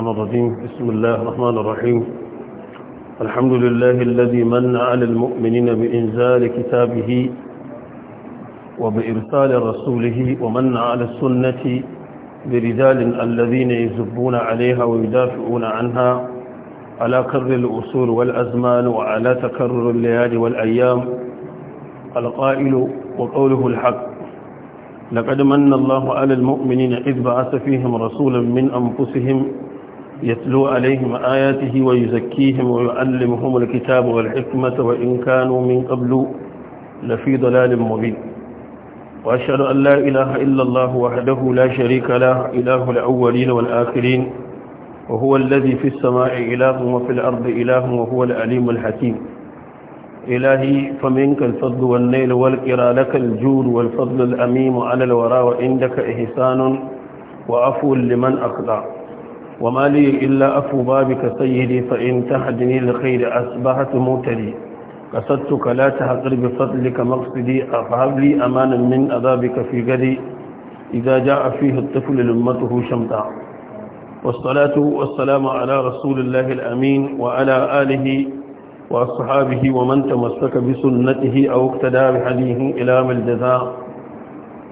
الرحيم بسم الله الرحمن الرحيم الحمد لله الذي من على المؤمنين بإنزال كتابه وبإرسال رسوله ومن على السنة برجال الذين يزبون عليها ويدافعون عنها على كر الأصول والأزمان وعلى تكرر الليالي والأيام القائل وقوله الحق لقد من الله على المؤمنين إذ بعث فيهم رسولا من أنفسهم يتلو عليهم آياته ويزكيهم ويعلمهم الكتاب والحكمة وإن كانوا من قبل لفي ضلال مبين وأشهد أن لا إله إلا الله وحده لا شريك له إله الأولين والآخرين وهو الذي في السماء إله وفي الأرض إله وهو الأليم الحكيم إلهي فمنك الفضل والنيل والقرى لك الجود والفضل الأميم على الوراء وإنك إحسان وعفو لمن أخلع وما لي إلا أفو بابك سيدي فإن تحدني لخير أصبحت موتلي قصدتك لا تحقر بفضلك مقصدي فهب لي أمانا من أذابك في غدي إذا جاء فيه الطفل لأمته شمتا والصلاة والسلام على رسول الله الأمين وعلى آله وأصحابه ومن تمسك بسنته أو اقتدى بحديه إلى ملجزاء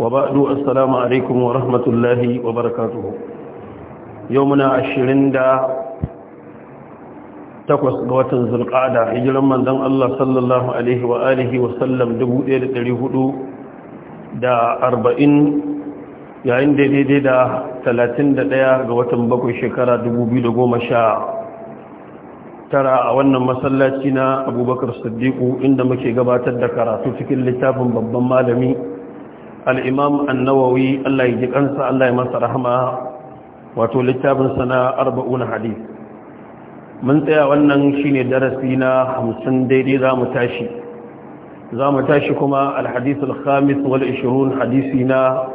وبعد السلام عليكم ورحمة الله وبركاته yau muna ashirin da takwas ga watan zulƙada hijiran manzan Allah sallallahu Alaihi wa alihi wasallam 1440 yayin da daidai da 31 ga watan bakwai shekara sha. tara a wannan masallaci na abubakar siddiqu inda muke gabatar da karatu cikin littafin babban malami al'imam annawawi Allah yi jiƙansa kansa Allah yi masa rahama wato littafin sana arba'un hadith mun tsaya wannan shine darasi na 50 daidai mu tashi zamu tashi kuma al-hadith al-khamis wal 20 hadisi na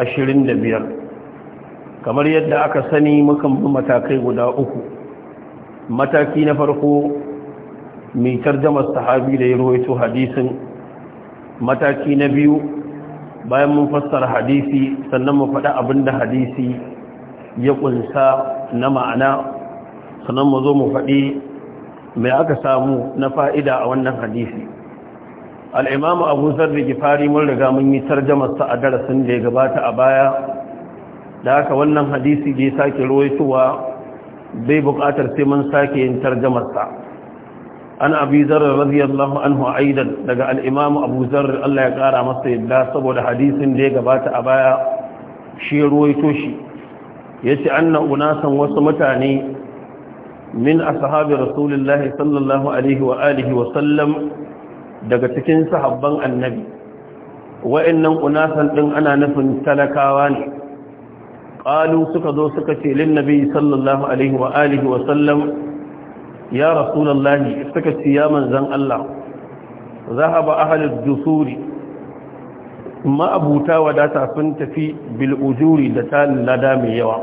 25 kamar yadda aka sani mukan bi matakai guda uku mataki na farko mai tarjamar sahabi da ya rawaito hadisin mataki na biyu bayan mun fassara hadisi sannan mu faɗa abinda hadisi ya kunsa na ma'ana sannan mu zo mu faɗi mai aka samu na fa'ida a wannan hadisi al'imamu abu zarri gifari mun riga mun yi tarjamarsa a darasin da ya gabata a baya da haka wannan hadisi da ya sake ruwaitowa bai buƙatar sai mun sake yin tarjamarsa an abi zarar radiyallahu anhu aidan daga al'imamu abu zarri Allah ya ƙara masa yadda saboda hadisin da ya gabata a baya shi ya ruwaito shi Ya yace anna unasan wasu mutane min a sahabi rasulullahi sallallahu alaihi wa alihi wa sallam daga cikin sahabban annabi wa'annan unasan din ana nufin talakawa ne Ƙalu suka zo suka ce lin nabi sallallahu alaihi wa alihi wa sallam ya rasulullahi suka ce ya manzon Allah zahaba ahlud dusuri ma'abuta wadata sun tafi bil'ujuri da talin lada mai yawa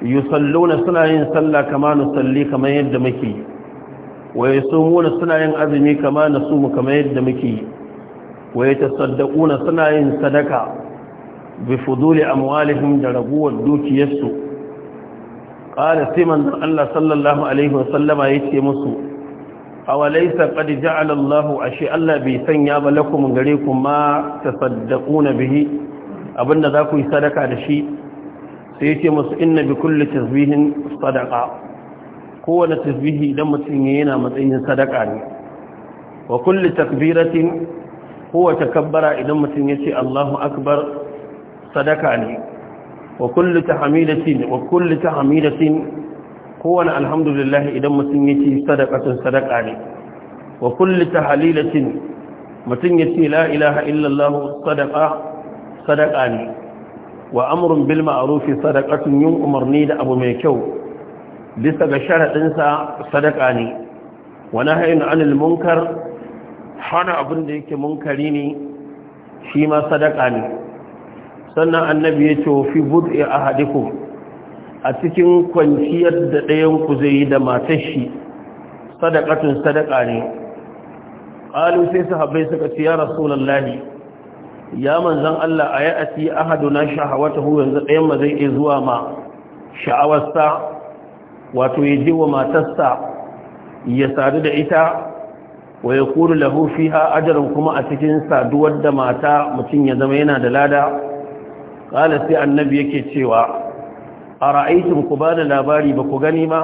yusalluna suna yin sallah kama nusalli kamar yadda muke wa yasumuna suna yin azumi kama sumu kamar yadda muke wa yatasaddaquna suna yin sadaka bi fuduli amwalihim da raguwar dukiyarsu qala sai manzan Allah sallallahu alaihi wasallama ce musu awalaisa qad ja'ala Allah ashe Allah bai sanya ba lakum gare ku ma tasaddaquna bihi abinda za ku yi sadaka da shi sai yace musu inna bi kulli tasbihin sadaqa kowane tasbihi idan mutum yana matsayin sadaka ne wa kulli takbiratin huwa takabbara idan mutum yace Allahu akbar sadaka ne wa kulli tahmidatin wa kulli tahmidatin kowane alhamdulillah idan mutum ya ce sadakatun sadaka ne wa kulli tahalilatin mutum ya ce la ilaha illallah sadaka sadaka ne wa amrun bil ma'ruf sadakatun yin umarni da abu mai kyau bisa ga sharadin sa sadaka ne wa nahyun anil munkar hana abin da yake munkari ne shi ma sadaka ne sannan annabi ya ce fi bud'i ahadikum a cikin kwanciyar da ɗayan ku zai yi da matar shi sadakatun sadaka ne qalu sai sahabbai suka ce ya rasulullahi ya manzon Allah ayati ahaduna shahawatahu yanzu ɗayan ma zai iya zuwa ma sha'awarsa wato ya ji wa matarsa ya sadu da ita wa ya kuru lahufi fiha ajrun kuma a cikin saduwar da mata mutum ya zama yana da lada qala sai annabi yake cewa a ra'aitum ku ba da labari ba ku gani ma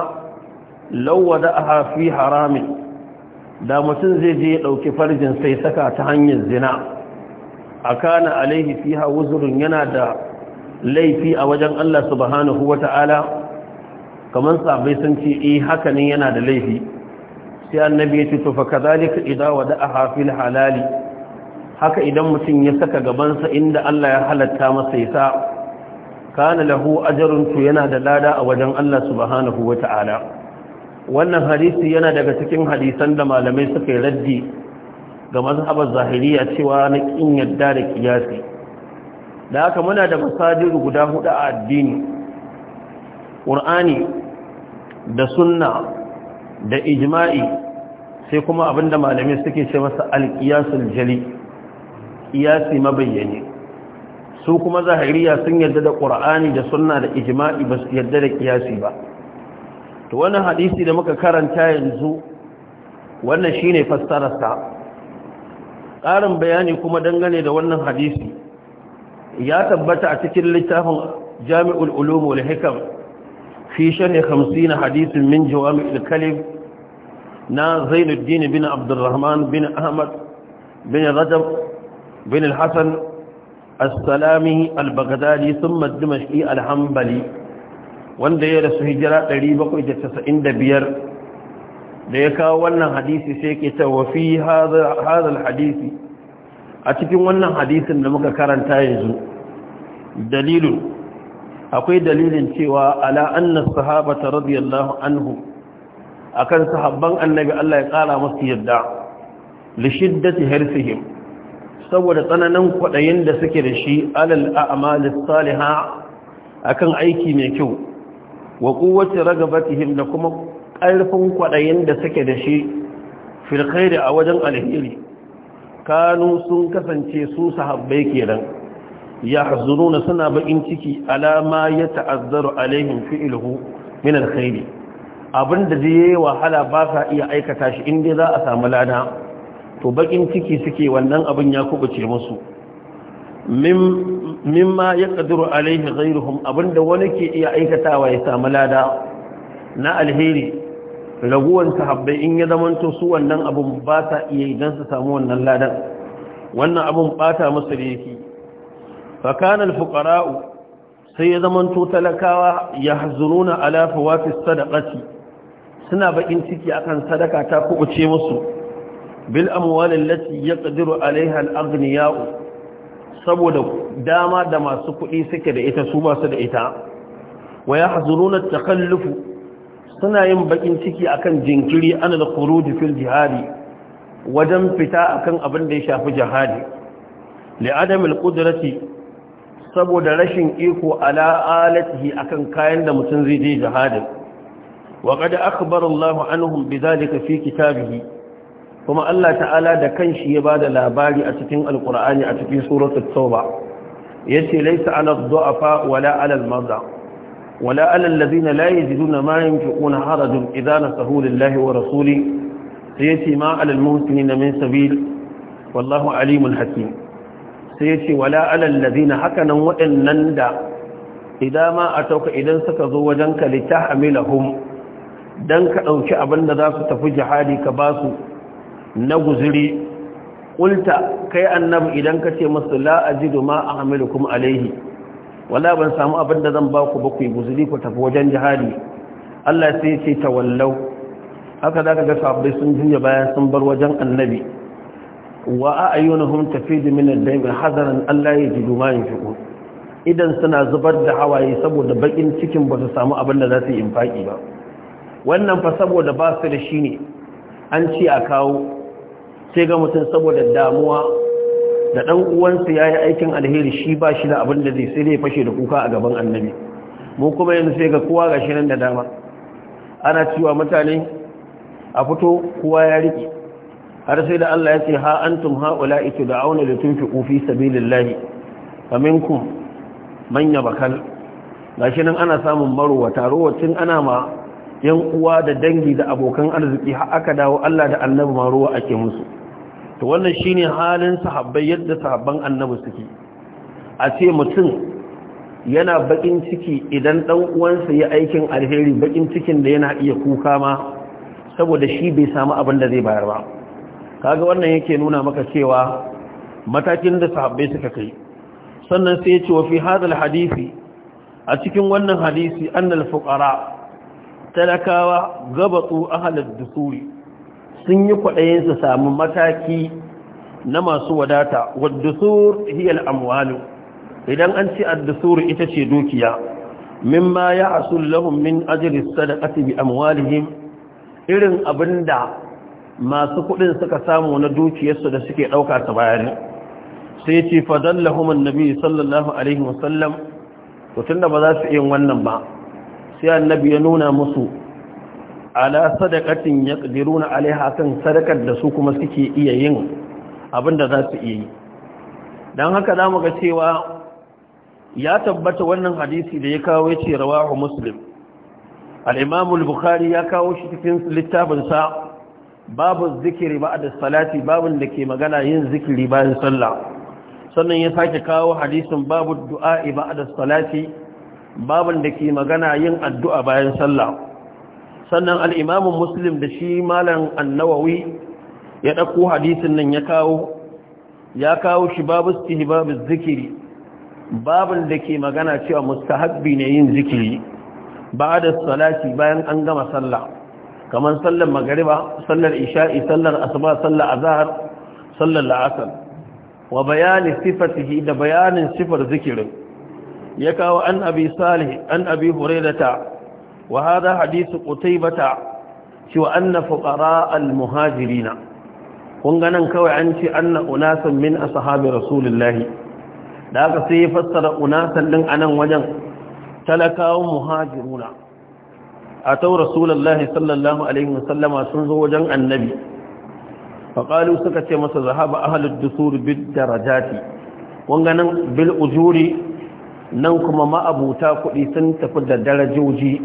lawada a hafi haramin da mutum zai je ɗauki farjin sai saka ta hanyar zina a kana alaihi fi wuzurin yana da laifi a wajen Allah subhanahu wa ta'ala kamar sabai sun ce eh haka ne yana da laifi sai annabi ya ce to fa kadhalika idza wada'aha fil halali haka idan mutum ya saka gabansa inda Allah ya halatta masa ya sa kana lahu ajrun tu yana da lada a wajen Allah subhanahu wata'ala wannan hadisi yana daga cikin hadisan da malamai suka raddi ga mazhabar zahiriya cewa na kin yadda da kiyasi da haka muna da masajir guda hudu a addini qur'ani da sunna da ijma'i sai kuma abinda malamai suke ce masa alqiyasul jali qiyasi mabayyani su kuma zahiriya sun yarda da qur'ani da sunna da ijma'i ba su yarda da kiyasi ba to wannan hadisi da muka karanta yanzu wannan shine fassarar sa ƙarin bayani kuma dangane da wannan hadisi ya tabbata a cikin littafin Jami'ul Ulum wal Hikam fi sharh 50 hadisin min Jawami'ul Kalim na Zainuddin bin Abdurrahman bin Ahmad bin Rajab bin al السلامي البغدادي ثم الدمشقي الحنبلي wanda ya rasu hijira 795 da ya kawo wannan hadisi sai ke ta wafi hadal hadisi a cikin wannan hadisin da muka karanta yanzu dalilun akwai dalilin cewa ala annas sahabata radiyallahu anhu akan sahabban annabi Allah ya kara musu yadda li shiddati hirsihim saboda tsananin kwaɗayin da suke da shi alal a'malis saliha akan aiki mai kyau wa raga ragabatihim da kuma ƙarfin kwaɗayin da suke da shi fil a wajen alheri kanu sun kasance su sahabbai kenan yahzuruna suna bakin ciki alama ya ta'azzaru alaihim fi'luhu min alkhairi abinda da yayi wahala ba sa iya aikata shi inda za a samu lada to bakin ciki suke wannan abin ya kubuce musu mimma ya kaduru alaihi ghairuhum abinda wani ke iya aikatawa ya samu lada na alheri raguwan sahabbai in ya zamanto su wannan abun ba ta iya idan su samu wannan ladan wannan abun bata musu da yake fa kana alfuqara'u sai ya zamanto talakawa ya zununa ala fawati sadaqati suna bakin ciki akan sadaka ta kubuce musu bil amwal ya yaqdiru alaiha al saboda dama da masu kuɗi suke da ita su masu da ita wa yahzuruna suna yin bakin ciki akan jinkiri ana da khuruj fil jihadi wajen fita akan abin da ya shafi jihadi li adam al saboda rashin iko ala alatihi akan kayan da mutum zai je jihadin wa qad akhbara Allahu anhum bidhalika fi kitabihi kuma Allah ta'ala da kanshi ya ba da labari a cikin alkur'ani a cikin suratul tauba yace laysa 'ala ad-du'afa wala 'ala al-marda wala 'ala alladhina la yajiduna ma yunfiquna harajun idha nasahu lillahi wa rasuli Ya ce, ma 'ala al-muhsinina min sabil wallahu 'alimun hakim ce, wala 'ala alladhina hakanan wadannan da idan ma atauka idan suka zo wajenka litahmilahum dan ka dauki da za su tafi jihadi ka basu na guziri. ƙulta kai annabi idan ka ce masu la'ajidu ma a kuma alaihi wala ban samu abin da zan ba ku ba ku yi guziri ku tafi wajen jihadi Allah sai ce ta wallau haka za ka ga sabbai sun juya bayan sun bar wajen annabi wa a ayyunahum tafidu min ad-daymi hadaran Allah yajidu ma yunfiqun idan suna zubar da hawaye saboda bakin cikin ba su samu abin da za su yi infaki ba wannan fa saboda ba su da shi ne an ce a kawo sai ga mutum saboda damuwa da ɗan uwansa ya yi aikin alheri shi ba shi da abin da zai sai dai fashe da kuka a gaban annabi mu kuma yanzu sai ga kowa ga shi da dama ana cewa mutane a fito kowa ya riƙe har sai da Allah ya ce ha antum haula ito da auna da tun fi sabilillahi faminkum man ana samun marowa tarowacin ana ma yan uwa da dangi da abokan arziki har aka dawo Allah da annabi ma maruwa ake musu to wannan shine halin sahabbai yadda sahabban annabi suke a ce mutum yana bakin ciki idan dan uwansa ya aikin alheri bakin cikin da yana iya kuka ma saboda shi bai samu abin da zai bayar ba kaga wannan yake nuna maka cewa matakin da sahabbai suka kai sannan sai ya ce wa fi hadal hadisi a cikin wannan hadisi annal fuqara talakawa gabatu ahlad dusuri sun yi kwaɗayin su samu mataki na masu wadata waddusur hiyal amwalu idan an ce addusur ita ce dukiya mimma ya asul lahum min ajri sadaqati bi amwalihim irin abinda masu kuɗin suka samu na dukiyarsu da suke ɗauka ta bayani sai ce fadallahum annabi sallallahu alaihi wasallam to tunda ba za su yin wannan ba sai annabi ya nuna musu ala sadaqatin na alaiha kan sadakar da su kuma suke iya yin abinda za su iya yi dan haka zamu ga cewa ya tabbata wannan hadisi da ya kawo yace rawahu muslim al-imam bukhari ya kawo shi cikin littafin sa babu zikiri ba'da salati babun da ke magana yin zikiri bayan sallah sannan ya sake kawo hadisin babu du'a ba'da salati babun da ke magana yin addu'a bayan sallah sannan al'imamun muslim da shi malan annawawi ya ɗauko hadisin nan ya kawo ya kawo shi babu stihi babu zikiri babin da ke magana cewa mustahabbi ne yin zikiri ba da salati bayan an gama sallah kamar sallar magariba sallar isha'i sallar asuba sallar azahar sallar la'asar wa bayanin sifatihi da bayanin sifar zikirin ya kawo an abi salih an abi ta. وهذا حديث قتيبة شو أن فقراء المهاجرين ونغنن كوي عنشي أن أناسا من أصحاب رسول الله لا سي فسر أناسا لن أنا وجن تلكاو مهاجرون أتوا رسول الله صلى الله عليه وسلم سنزو وجن النبي فقالوا سكت مسا ذهب أهل الدثور بالدرجات ونغنن بالأجور nan kuma ma'abuta kuɗi sun tafi da darajoji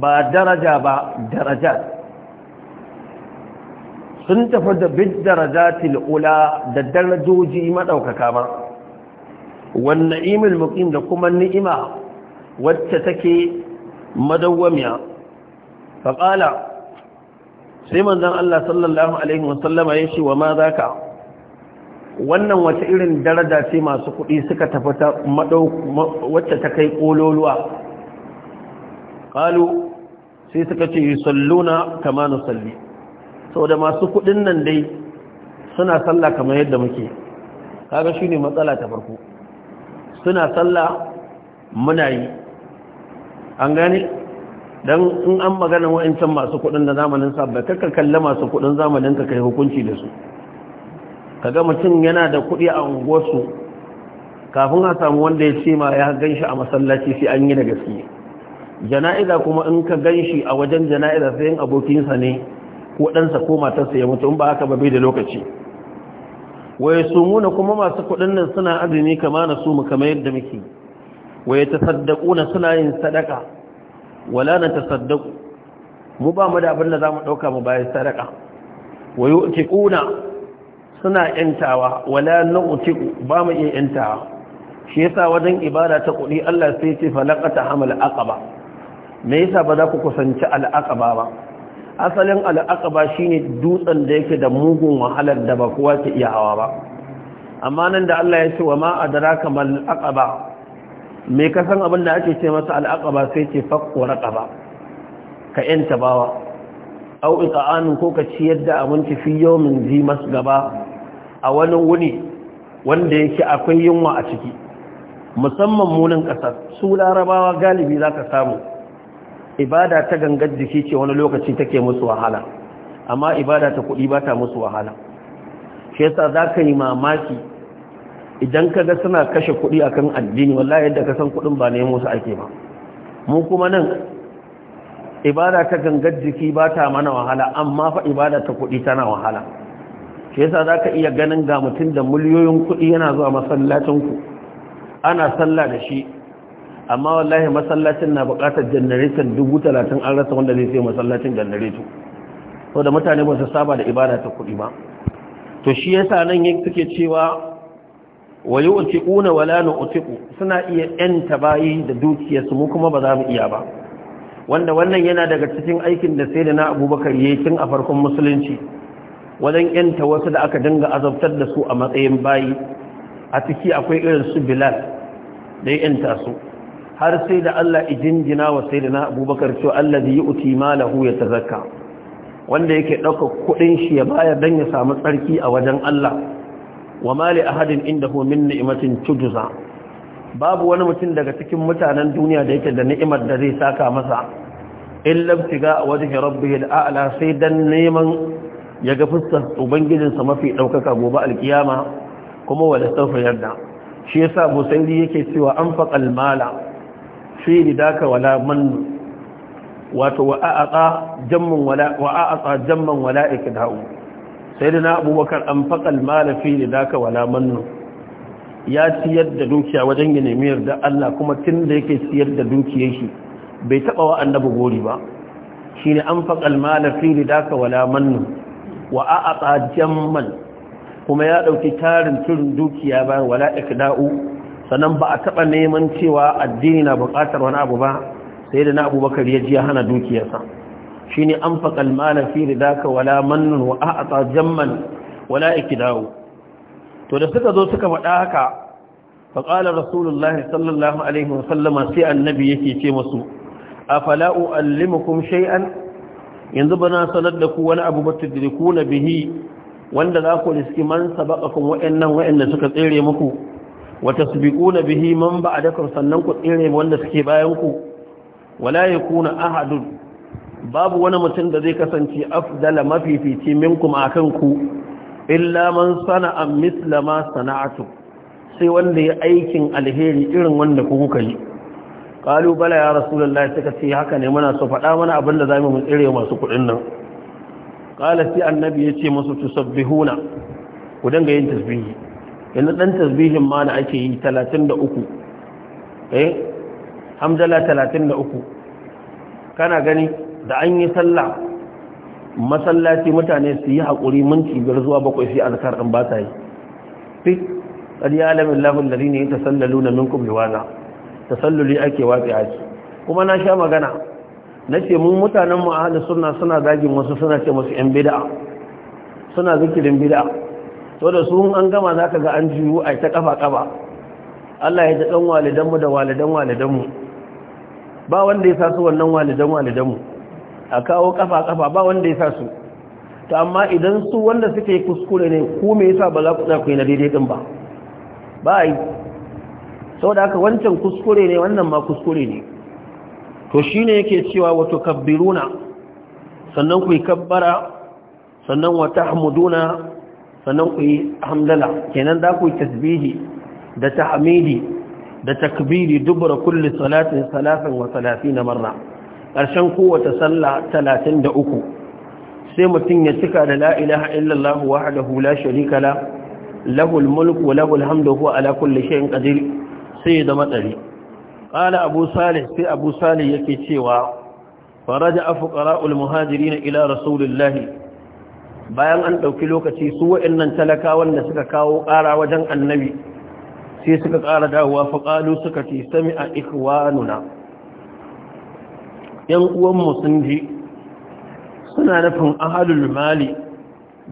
ba daraja ba daraja sun tafi da bid darajatil ula da darajoji maɗaukaka ba wannan imil muqim da kuma ni'ima wacce take madawwamiya faqala sai manzon Allah sallallahu alaihi wasallama yace wa ma zaka wannan wata irin daraja ce masu kuɗi suka tafi ta wacce ta kai ƙololuwa? qalu sai suka ce yusalluna kama nusalli saboda masu kudin nan dai suna sallah kamar yadda muke kaga shine matsala ta farko suna sallah muna yi an gane dan in an magana wa'ancan masu kudin da zamanin sa, ba kakkar kalla masu kudin zamanin ka kai hukunci da su kaga mutum yana da kudi a unguwarsu kafin a samu wanda ya ce ma ya ganshi a masallaci sai an yi da gaskiya jana'iza kuma in ka gan shi a wajen jana'iza sai yin abokinsa ne ko ɗansa ko matarsa ya mutu in ba haka ba bai da lokaci waye su muna kuma masu kuɗin nan suna azumi kama na su mu kama yadda muke waye ta saddaƙo na suna yin sadaka wala na ta saddaƙo mu ba mu da abin da za mu ɗauka mu bayan sadaka waye uke ƙuna suna ‘yantawa wala na uke ba mu iya ‘yantawa shi yasa wajen ibada ta kuɗi Allah sai ce falakata hamal aqaba me yasa ba za ku kusanci al'aqaba ba asalin al'aqaba shine dutsen da yake da mugun wahalar da ba kowa ke iya hawa ba amma nan da Allah ya ce wa ma adraka mal aqaba me ka san abin da ake ce masa al'aqaba sai ce faqqu raqaba ka yanta bawa au iqaanu ko ka ciyar da abinci fi yawmin zi gaba a wani wuni wanda yake akwai yunwa a ciki musamman munin ƙasar su larabawa galibi za ka samu ibada ta gangar jiki ce wani lokaci take musu wahala amma ibada ta kuɗi ba ta musu wahala shi yasa za ka yi mamaki idan ka ga suna kashe kuɗi akan addini wallahi yadda ka san kuɗin ba nemo su ake ba mu kuma nan ibada ta gangar jiki ba ta mana wahala amma fa ibada ta kuɗi tana wahala shi yasa za ka iya ganin ga mutum da miliyoyin kuɗi yana zuwa masallacinku ana sallah da shi amma wallahi masallacin na buƙatar janareton dubu talatin an rasa wanda zai sai masallacin janareto to da mutane ba su saba da ibada ta kuɗi ba to shi yasa nan yake suke cewa wa yu'tiquna wala nu'tiqu suna iya yanta bayi da dukiyarsu mu kuma ba za mu iya ba wanda wannan yana daga cikin aikin da sai da na abubakar yi tun a farkon musulunci wajen yanta wasu da aka dinga azabtar da su a matsayin bayi a ciki akwai irin su bilal da ta su har sai da Allah ijinjina wa sai da na abubakar cewa Allah zai yi uti malahu ya tazaka. wanda yake ɗauka kuɗin shi ya bayar don ya samu tsarki a wajen Allah wa mali ahadin inda homin ni'imatin tuduza babu wani mutum daga cikin mutanen duniya da yake da ni'imar da zai saka masa in labtiga a wajen rabbi al'ala sai dan neman ya ga fuskar ubangijinsa mafi ɗaukaka gobe alkiyama kuma wa da shi yasa busairi yake cewa an faƙal mala fi ridaka wala mannu wato wa'a'atsa jamman wala wa'a'atsa jamman wala ikdahu sayyidina abubakar an faqal mala fi ridaka wala mannu ya siyar da dukiya wajen gine miyar da Allah kuma tun da yake siyar da dukiyar shi bai taɓa wa annabi gori ba shine an faqal mala fi ridaka wala mannu wa'a'atsa jamman kuma ya ɗauki tarin turin dukiya bayan wala ikda'u sannan ba a taɓa neman cewa addini na buƙatar wani abu ba sai da na abubakar ya ji ya hana dukiyarsa shi ne an faƙal malafi da ka wala mannun wa a a jamman wala iki dawo to da suka zo suka faɗa haka faƙalar rasulullahi sallallahu alaihi wasallama sai annabi yake ce masu a fala'u allimakum shay'an yanzu ba na sanar da ku wani abu ba na bihi wanda za ku riski man sabaqakum waɗannan waɗanda suka tsere muku wata su na bihi man ba a dakon sannan ku tsere wanda suke bayanku wala ya kuna ahadun babu wani mutum da zai kasance afdala mafifici minkum a kanku illa man sana'a misla ma sana'atu sai wanda ya aikin alheri irin wanda kuka yi kalu bala ya rasulullahi suka ce haka ne muna su faɗa mana abin da zamu mu tsire masu kuɗin nan kala sai annabi ce musu tusabbihuna ku danga yin tasbihi yanzu dan tasbihin ma da ake yi 33 eh hamdala 33 kana gani da an yi sallah masallaci mutane su yi haƙuri minti biyar zuwa bakwai sai azkar din ba ta yi fi qad ya'lamu Allahu alladhina yatasalluna minkum liwaza tasalluli ake watsi ake kuma na sha magana nace mun mutanen mu ahlus sunna suna zagin wasu suna ce musu yan bid'a suna zikirin bid'a to da su an gama za ka ga an juyu a ta kafa-kafa Allah ya ji ɗan walidanmu da walidan-walidanmu ba wanda ya sa su wannan walidan-walidanmu a kawo kafa-kafa ba wanda ya sa su ta amma idan su wanda suke kuskure ne ku me yasa ba za ku yi na daidai din ba ba yi sau da haka wancan kuskure ne wannan ma kuskure ne to shi ne yake cewa wato kabbiruna sannan ku yi kabbara sannan wata hamuduna sannan ku yi hamdala kenan za ku yi tasbihi da tahmidi da takbiri dubura kulli salatin salatin wa salatin marra ƙarshen kowace sallah uku, sai mutum ya cika da la ilaha illallah wahdahu hula sharika la lahul mulku lahul hamdu huwa ala kulle shay'in qadir sai da matsari Ƙala abu salih sai abu salih yake cewa faraja fuqara'ul muhajirin ila rasulillahi bayan an ɗauki lokaci su waɗannan talaka wanda suka kawo ƙara wajen annabi sai suka ƙara dawowa faƙalu suka ce sami a ikwanuna ‘yan uwanmu sun ji suna nufin ahalul mali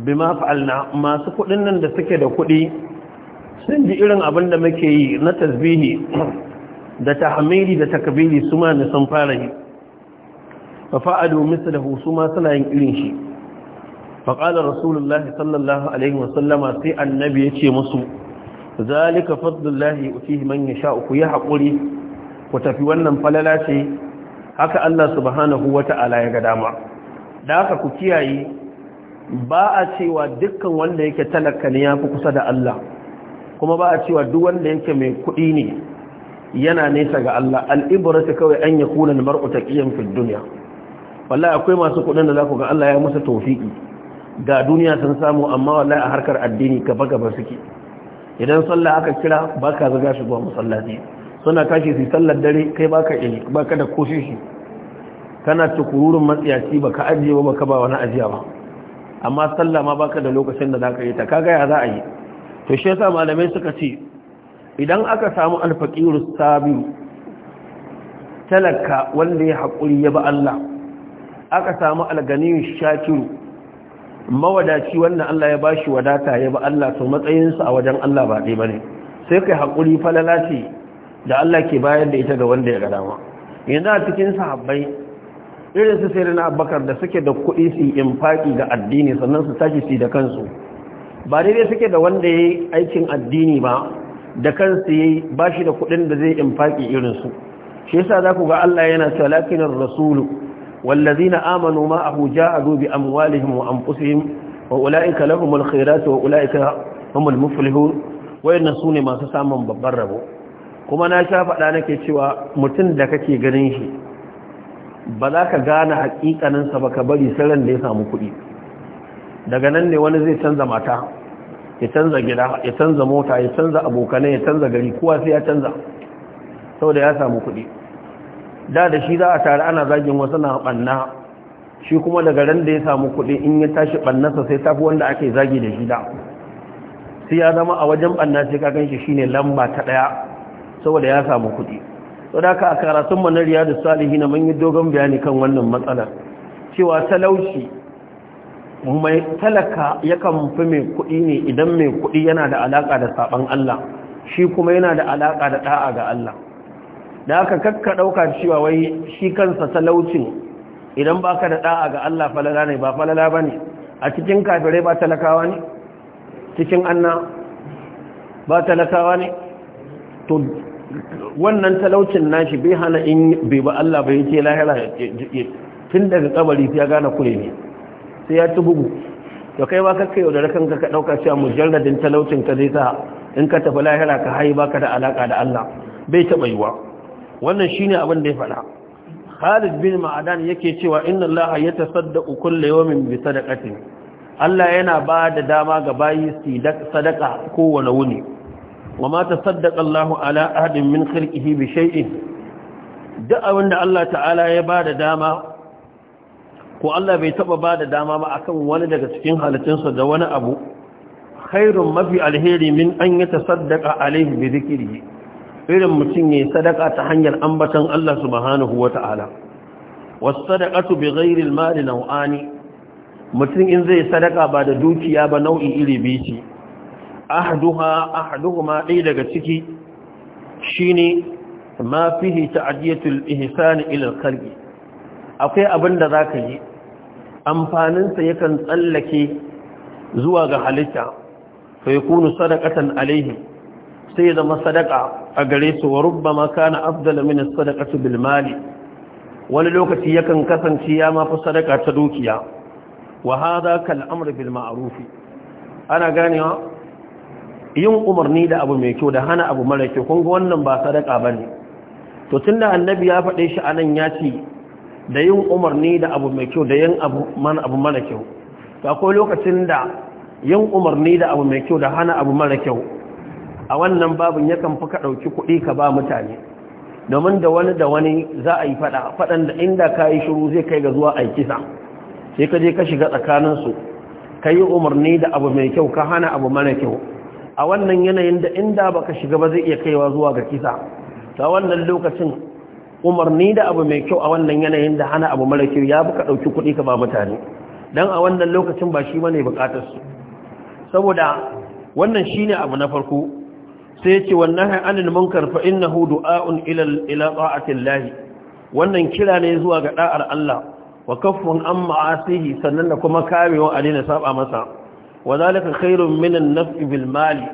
bi ma fa'alna masu kuɗin nan da suke da kuɗi sun ji irin abin da muke yi na tasbihi da hamili da takbiri su ma sun fara yi fa fa'alu da su ma suna yin irin shi فقال رسول الله صلى الله عليه وسلم سي النبي يتي مسو ذلك فضل الله يؤتيه من يشاء كي حقوري وتفي wannan falala ce haka Allah subhanahu wata'ala ya ga dama da haka ku kiyaye ba a cewa dukkan wanda yake talaka ne yafi kusa da Allah kuma ba a cewa duk wanda yake mai kuɗi ne yana nesa ga Allah al'ibratu kawai an yakuna mar'u taqiyan fid dunya wallahi akwai masu kuɗin da za ku ga Allah ya musu tawfiki ga duniya sun samu amma wallahi a harkar addini gaba gaba suke idan sallah aka kira baka zaga shi musallaci suna tashi su sallar dare kai baka ili baka da koshishi kana tukururun matsiyaci baka ajiye ba baka ba wani ajiya ba amma sallah ma baka da lokacin da zaka yi ta kaga ya za a yi to shi yasa malamai suka ce idan aka samu alfaqiru sabi talaka wanda ya hakuri ya ba Allah aka samu alganiyu shakiru mawadaci wannan Allah ya bashi wadata ya ba Allah to matsayinsa a wajen Allah ba ɗaya bane sai kai hakuri falala ce da Allah ke bayar da ita ga wanda ya ga dama yanzu a cikin sahabbai irin su sai na abubakar da suke da kuɗi su infaki ga addini sannan su tashi su da kansu ba dai dai suke da wanda ya yi aikin addini ba da kansu ya yi da kuɗin da zai infaki su shi yasa za ku ga Allah yana cewa rasulu والذين آمنوا معه جاءوا بأموالهم وأنفسهم وأولئك لهم الخيرات وأولئك هم المفلحون وإن سوني ما سسامن ببربو kuma na sha faɗa nake cewa mutum da kake ganin shi ba za ka gane hakikaninsa ba ka bari sirrin da ya samu kuɗi daga nan ne wani zai canza mata ya canza gida ya canza mota ya canza abokanai ya canza gari kowa sai ya canza saboda ya samu kuɗi da da shi za a tare ana zagin wasu na banna shi kuma daga ran da ya samu kuɗi in ya tashi ɓannasa sai tafi wanda ake zagi da shi da sai ya zama a wajen banna sai ka ganshi ne lamba ta ɗaya saboda ya samu kuɗi saboda a karatun mu na riyadu salihi na mun dogon bayani kan wannan matsalar cewa talauci mai talaka yakan fi mai kuɗi ne idan mai kuɗi yana da alaka da saban Allah shi kuma yana da alaka da ɗa'a ga Allah da aka kakka ɗauka cewa wai shi kansa talaucin idan ba ka da ɗa'a ga Allah falala ne ba falala ba ne a cikin kafirai ba talakawa ne cikin anna ba talakawa ne to wannan talaucin nashi bai hana in bai ba Allah bai ce lahira tun daga kabari ya gane kure ne sai ya ci bugu to kai ba kakka yau da rakan ka ɗauka cewa mujalladin talaucin ka zai sa in ka tafi lahira ka haiba ka da alaka da Allah bai taɓa yiwa wannan shine abin da ya faɗa Khalid bin Ma'adan yake cewa inna Allah ya tasaddaqu kullu yawmin bi sadaqatin Allah yana ba da dama ga bayi sadaka kowane wuni wa ma tasaddaqa Allah ala ahadin min khalqihi bi shay'in duk abin da Allah ta'ala ya ba da dama ko Allah bai taba ba da dama ba akan wani daga cikin halittunsa da wani abu khairun mafi alheri min an yatasaddaqa alaihi bi dhikrihi irin mutum ya sadaka ta hanyar ambatan Allah subhanahu wa ta'ala sadakatu bighairi al-mali naw'ani mutum in zai sadaka ba da dukiya ba nau'i iri biyu ce ahduha ma dai daga ciki shine ma fihi ta ihsan ila al-qalbi akwai abin da zaka yi Amfaninsa yakan tsallake zuwa ga halitta fa yakunu sadakatan alaihi sai ya zama sadaka a gare su wa rubbama kana afdala min sadaka sadaqati bil wani lokaci yakan kasance ya mafi sadaka ta dukiya wa hadha kal amr bil ma'ruf ana ganewa yin umarni da abu mai kyau da hana abu mara kyau kun ga wannan ba sadaka bane to tunda annabi ya faɗe shi anan ya ce da yin umarni da abu mai kyau da yin abu mana abu mara kyau to akwai lokacin da yin umarni da abu mai kyau da hana abu mara kyau a wannan babin yakan fi ka ɗauki kuɗi ka ba mutane domin da wani da wani za a yi faɗa faɗan da inda ka yi shiru zai kai ga zuwa a kisa sai ka je ka shiga tsakaninsu ka yi umarni da abu mai kyau ka hana abu mana kyau a wannan yanayin da inda ka shiga ba zai iya kaiwa zuwa ga kisa ta wannan lokacin umarni da abu mai kyau a wannan yanayin da hana abu mara kyau ya buka ɗauki kuɗi ka ba mutane don a wannan lokacin ba shi bane bukatar su saboda wannan shi ne abu na farko sai ce wannan hannun munkar fa innahu du'a'un a'un ila ta'atillahi wannan kira ne zuwa ga ɗa'ar Allah wa kafin an ma'asihi sannan da kuma kamewa a dina saba masa wa zalika khairun min an-naf'i bil mali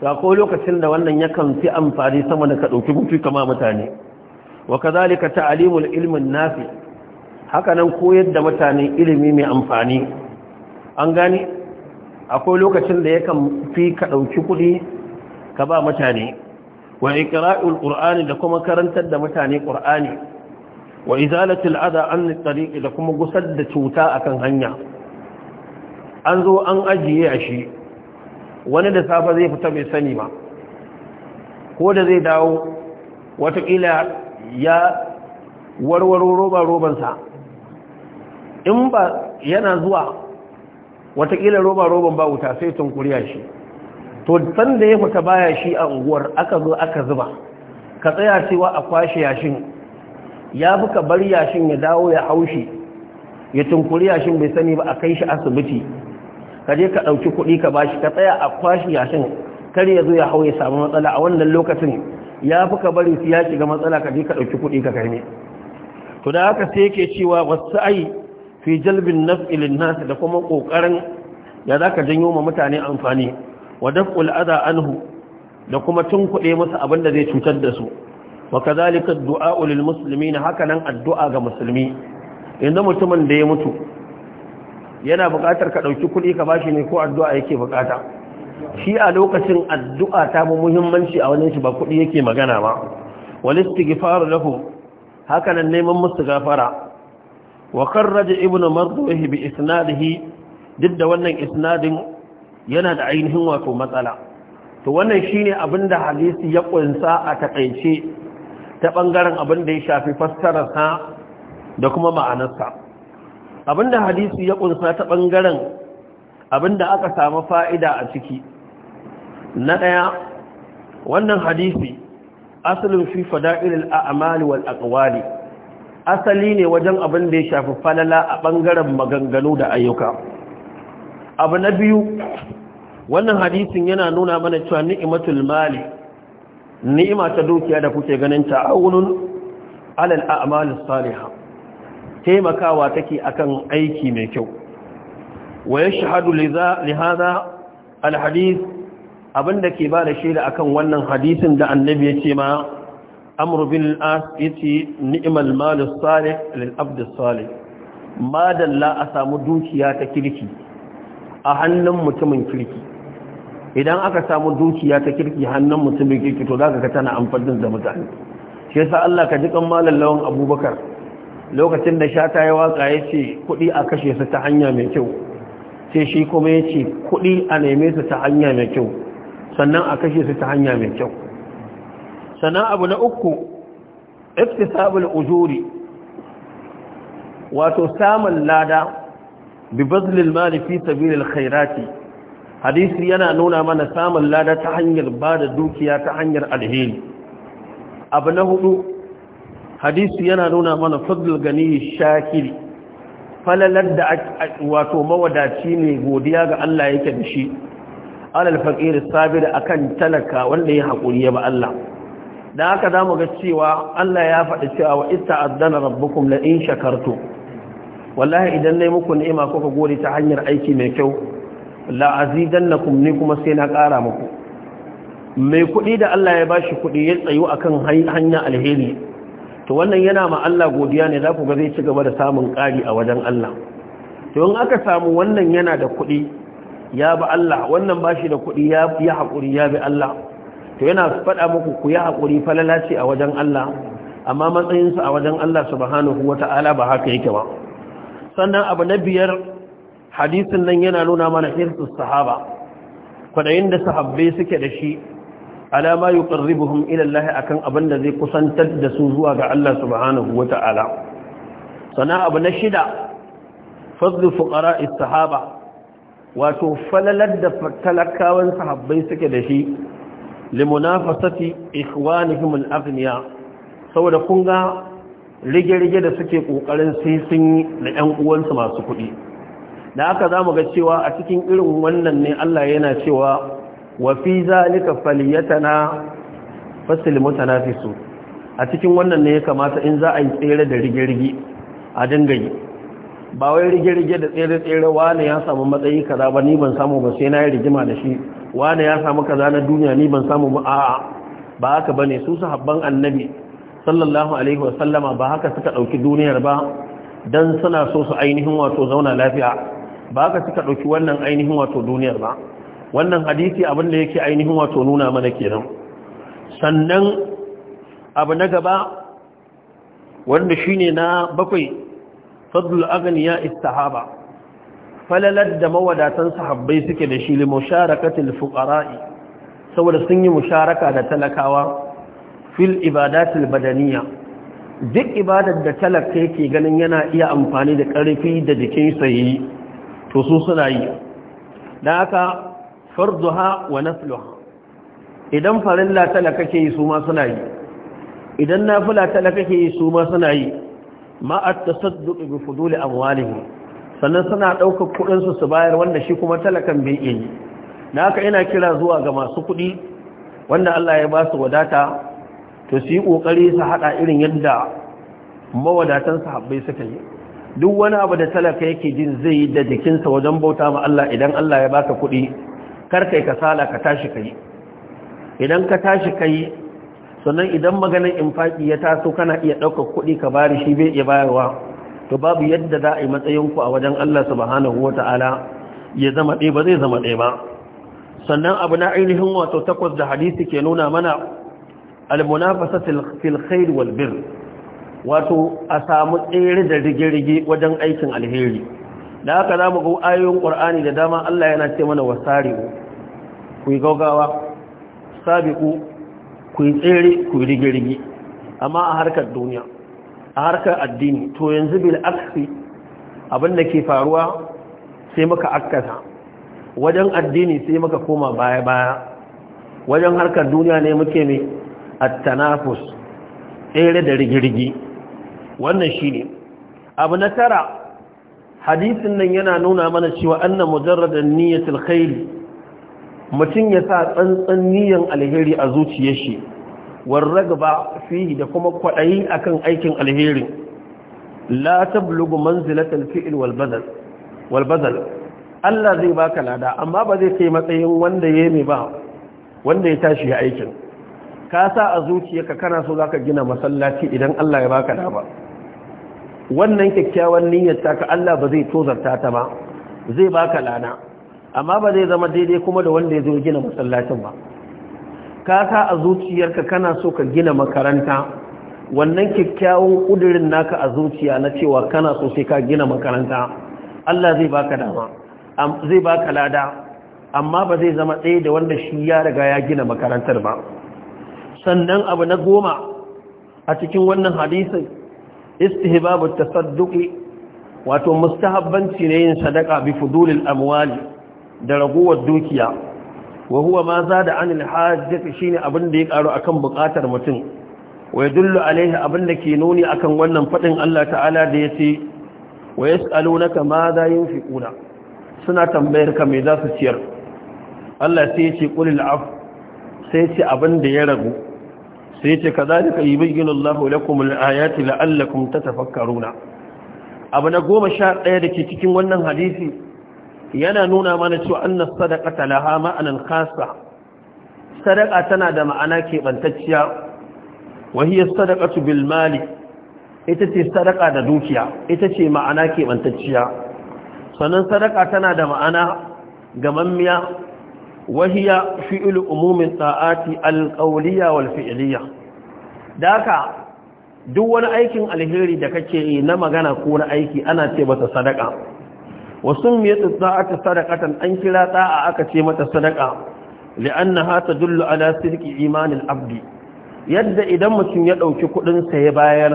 ta ko lokacin da wannan yakan fi amfani sama da ka dauki mutu kama mutane wa kadhalika ta'limul ilmin nafi haka nan koyar da mutane ilimi mai amfani an gani akwai lokacin da yakan fi ka ɗauki kuɗi ka ba mutane wa iqra'ul qur'ani da kuma karantar da mutane qur'ani wa izalatul adha an tariqi da kuma gusar da cuta akan hanya an zo an ajiye shi wani da safa zai fita bai sani ba ko da zai dawo watakila ya warwaro roba-robansa in ba yana zuwa watakila roba-roban ba wuta sai tunkuriya shi to san da ya fita baya shi a unguwar aka zo aka zuba ka tsaya cewa a kwashe yashin ya fi ka bar yashin ya dawo ya haushi ya tunkuri yashin bai sani ba a kai shi asibiti ka je ka ɗauki kuɗi ka bashi ka tsaya a kwashe yashin kar ya zo ya hau ya samu matsala a wannan lokacin ya fi ka bari su ya shiga matsala ka je ka ɗauki kuɗi ka karme to da haka sai yake cewa wasu ai fi jalbin naf'ilin nasu da kuma ƙoƙarin ya za ka janyo ma mutane amfani wa ulaza an anhu da kuma tun kuɗe musu abin da zai cutar da su wa kadhalika ad-du'a musulmi na haka nan addu'a ga musulmi Inda mutumin da ya mutu yana buƙatar ka ɗauki kuɗi ka bashi ne ko addu'a yake buƙata shi a lokacin addu'a ta mu muhimmanci a wani shi ba kuɗi yake magana ba wal istighfar lahu haka nan neman musu gafara wa kharraja ibnu marduhi bi isnadihi duk da wannan isnadin yana da ainihin wato matsala to wannan shine abin da hadisi ya kunsa a takaice ta bangaren abin da ya shafi fassararsa da kuma ma'anarsa abin da hadisi ya kunsa ta bangaren abin da aka samu fa'ida a ciki na ɗaya wannan hadisi asalin fi fada'ilil a'amali wal aqwali asali ne wajen abin da ya shafi falala a ɓangaren maganganu da ayyuka abu na biyu wannan hadisin yana nuna mana cewa ni'imatul mali ni'ima ta dukiya da kuke ganin ta'awunun alal a'malis salihah taimakawa take akan aiki mai kyau wa yashhadu li hadha al hadith abinda ke ba da shaida akan wannan hadisin da annabi ya ce ma amru bil as yace ni'mal malus salih lil abd salih madalla a samu dukiya ta kirki a hannun mutumin kirki idan aka samu dukiya ta kirki hannun mutumin kirki to zaka ga tana amfanin da mutane shi yasa Allah ka ji kan lawan Abubakar lokacin da Sha shata ya waka yace kudi a kashe su ta hanya mai kyau sai shi kuma yace kudi a neme su ta hanya mai kyau sannan a kashe su ta hanya mai kyau sannan abu na uku iktisabul ujuri wato samun lada bi bazlil mali fi sabilil khairati hadisi yana nuna mana samun lada ta hanyar bada dukiya ta hanyar alheri abu na hudu hadisi yana nuna mana fadl gani shakiri falalar da wato mawadaci ne godiya ga Allah yake da shi alal faqir sabir akan talaka wanda ya hakuri ya ba Allah da haka zamu ga cewa Allah ya faɗi cewa wa itta'adana rabbukum la in shakartum wallahi idan nayi muku ni'ima kuka gode ta hanyar aiki mai kyau la azidannakum ni kuma sai na ƙara muku mai kuɗi da Allah ya bashi kuɗi ya tsayu akan hanya alheri to wannan yana ma Allah godiya ne za ku ga zai ci gaba da samun ƙari a wajen Allah to in aka samu wannan yana da kuɗi ya bi Allah wannan bashi da kuɗi ya ya hakuri ya bi Allah to yana faɗa muku ku ya hakuri falalaci a wajen Allah amma matsayinsa a wajen Allah subhanahu ta'ala ba haka yake ba sannan abu na biyar hadisin nan yana nuna mana hirsus sahaba kwadayin da sahabbai suke da shi alama yuqarribuhum ila Allah akan abin da zai kusantar da su zuwa ga Allah subhanahu ta'ala sannan abu na shida fukara fuqara'i sahaba wato falalar da talakawan sahabbai suke da shi limunafasati ikhwanihim al saboda kun ga rige-rige da suke ƙoƙarin sai sun da 'yan uwansu masu kuɗi da aka za mu ga cewa a cikin irin wannan ne Allah yana cewa wa fi zalika falyatana fasil mutanafisu a cikin wannan ne ya kamata in za a yi tsere da rige-rige a dangayi ba wai rige-rige da tsere-tsere wane ya samu matsayi kaza ba ni ban samu ba sai na yi rigima da shi wane ya samu kaza na duniya ni ban samu ba a'a ba haka bane su sahabban annabi sallallahu alaihi wasallama ba haka suka ɗauki duniyar ba don suna so su ainihin wato zauna lafiya ba haka suka ɗauki wannan ainihin wato duniyar ba wannan hadisi abin da yake ainihin wato nuna mana kenan sannan abu na gaba wanda shine na bakwai fadlul aghniya istihaba falalad da mawadatan sahabbai suke da shi limusharakatil fukara'i saboda sun yi musharaka da talakawa fil ibadatul badaniya duk ibadar da talaka yake ganin yana iya amfani da ƙarfi da jikin sayi to su suna yi da haka farduha wa nafluha idan farilla talaka ke yi su ma suna yi idan nafila talaka ke yi su ma suna yi ma at tasadduq bi fudul amwalihim sannan suna daukar kudin su su bayar wanda shi kuma talakan bai yi da haka ina kira zuwa ga masu kudi wanda Allah ya ba su wadata to su yi ƙoƙari su haɗa irin yadda mawadatan sahabbai suka yi duk wani abu da talaka yake jin zai yi da jikinsa wajen bauta ma Allah idan Allah ya baka kuɗi kar kai sala ka tashi kai idan ka tashi kai sannan idan maganar infaki ya taso kana iya ɗaukar kuɗi ka bari shi bai iya bayarwa to babu yadda za a yi matsayinku a wajen Allah subhanahu wata'ala ya zama ɗaya ba zai zama ɗaya ba sannan abu na ainihin wato takwas da hadisi ke nuna mana almunafasa fil khair wal wato a samu tsere da rige-rige wajen aikin alheri da haka za mu ga ayoyin ƙur'ani da dama Allah yana ce mana wasari ku yi gaugawa sabiku ku yi tsere ku yi rige-rige amma a harkar duniya a harkar addini to yanzu bil aksi abin da ke faruwa sai muka akkasa wajen addini sai muka koma baya-baya wajen harkar duniya ne muke mai at tsere da rigirgi wannan shine abu na tara hadisin nan yana nuna mana cewa anna mujarradan niyyatul khair mutum ya sa tsantsan niyan alheri a zuciyar shi warragba fihi da kuma kwadayi akan aikin alheri la tablughu manzilatal fi'l wal badal wal badal Allah zai baka lada amma ba zai kai matsayin wanda yayi ba wanda ya tashi ya aikin ka sa a zuciyarka kana so zaka gina masallaci idan Allah ya baka dama wannan kyakkyawan niyyar ta ka Allah ba zai tozarta ta ba zai baka lana amma ba zai zama daidai kuma da wanda ya zo gina masallacin ba ka sa a zuciyarka kana so ka gina makaranta wannan kyakkyawan kudirin naka a zuciya na cewa kana so sai ka gina makaranta Allah zai baka dama zai baka lada amma ba zai zama ɗaya da wanda shi ya riga ya gina makarantar ba sannan abu na goma a cikin wannan hadisin istihbabu tasadduqi wato mustahabbanci ne yin sadaka bi fudulil amwali da raguwar dukiya wa huwa ma zada an al shine abin da ya karu akan bukatar mutum wa yadullu alaihi abin da ke nuni akan wannan fadin Allah ta'ala da yace wa yas'alunaka ma za yunfiquna suna tambayar ka me za su ciyar Allah sai ya ce qulil af sai ce abin da ya ragu sai ce kazalika yi Allahu lakum al-ayati la'allakum tatafakkaruna abu na goma sha ɗaya da ke cikin wannan hadisi yana nuna mana cewa annas sadaqata laha ma'anan khassa sadaqa tana da ma'ana kebantacciya, wa hiya sadaqatu bil mali ita ce sadaka da dukiya ita ce ma'ana keɓantacciya sannan sadaka tana da ma'ana gamammiya وهي فعل عموم الطاعات القوليه والفعليه دكا duk wani aikin alheri da kake yi na magana ko na aiki ana ce mata sadaka wasun me yata za'ata sadakatan an kira ta'a aka ce mata sadaka li'annaha tadullu ala sirki imanin abdi yadda idan mutum ya ɗauki kudin sa ya bayar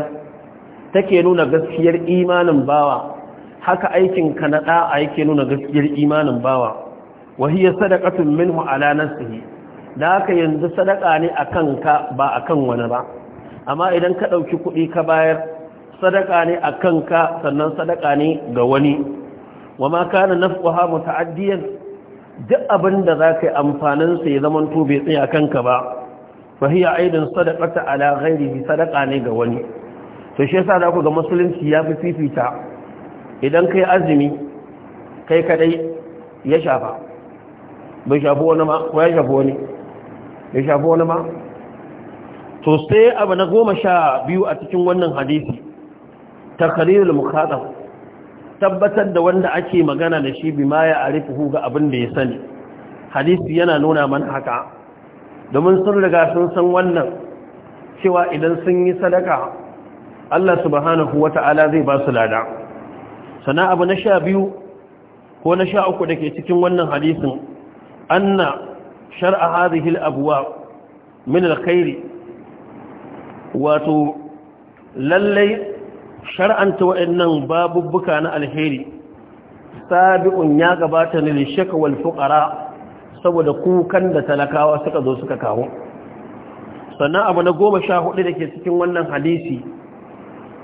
take nuna gaskiyar imanin bawa haka aikin ka na da'a yake nuna gaskiyar imanin bawa wa hiya sadaqatun minhu ala nafsihi da haka yanzu sadaka ne akan ka ba akan wani ba amma idan ka ɗauki kuɗi ka bayar sadaka ne akan ka sannan sadaka ne ga wani wa ma kana naf'uha muta'addiyan duk abin da za ka yi amfaninsa ya zama to bai tsaya kanka ba fa hiya aidan sadaqata ala ghairihi sadaqa ne ga wani to shi yasa da ku ga musulunci ya fi fifita idan kai azumi kai kaɗai ya shafa bai shafi wani ma ko ya shafi wani ya shafi wani ma to sai abu na goma sha biyu a cikin wannan hadisi takarirul mukhatab tabbatar da wanda ake magana da shi bima ya arifu ga abin da ya sani hadisi yana nuna man haka domin sun riga sun san wannan cewa idan sun yi sadaka Allah subhanahu wata'ala zai ba su lada sana abu na sha biyu ko na sha uku da ke cikin wannan hadisin anna shar'a hadhihi al-abwab min al wato lallai shar'anta wa'annan babubbuka na alheri sabi'un ya gabata ne da wal fuqara saboda kukan da talakawa suka zo suka kawo Sana'a abu na goma sha hudu da ke cikin wannan hadisi